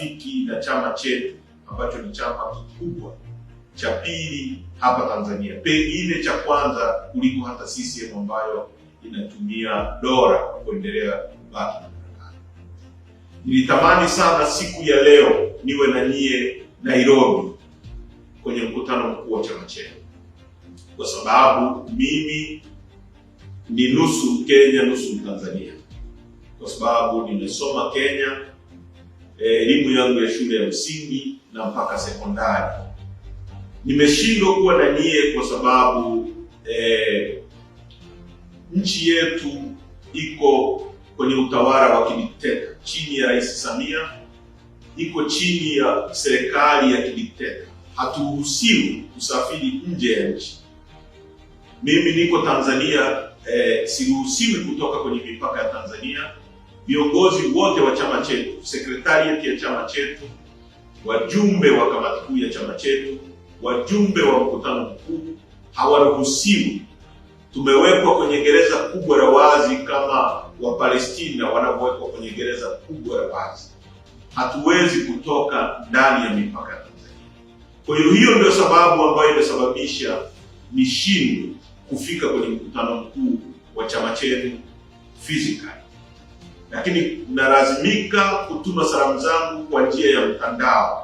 rafiki na chama chetu ambacho ni chama kikubwa cha pili hapa Tanzania, pengine cha kwanza kuliko hata CCM ambayo inatumia dola kuendelea kubaki madarakani. Nilitamani sana siku ya leo niwe na nyie Nairobi kwenye mkutano mkuu wa chama chetu, kwa sababu mimi ni nusu Kenya nusu Tanzania, kwa sababu nimesoma Kenya E, elimu yangu ya shule ya msingi na mpaka sekondari. Nimeshindwa kuwa na nyie kwa sababu eh, nchi yetu iko kwenye utawala wa kidikteta chini ya Rais Samia, iko chini ya serikali ya kidikteta. Haturuhusiwi kusafiri nje ya nchi. Mimi niko Tanzania eh, siruhusiwi kutoka kwenye mipaka ya Tanzania viongozi wote wa chama chetu, sekretarieti ya chama chetu, wajumbe wa kamati kuu ya chama chetu, wajumbe wa mkutano mkuu hawaruhusiwi. Tumewekwa kwenye gereza kubwa la wazi kama Wapalestina wanavyowekwa kwenye gereza kubwa la wazi. Hatuwezi kutoka ndani ya mipaka ya Tanzania. Kwa hiyo, hiyo ndio sababu ambayo imesababisha nishindwe kufika kwenye mkutano mkuu wa chama chetu physically lakini nalazimika kutuma salamu zangu kwa njia ya mtandao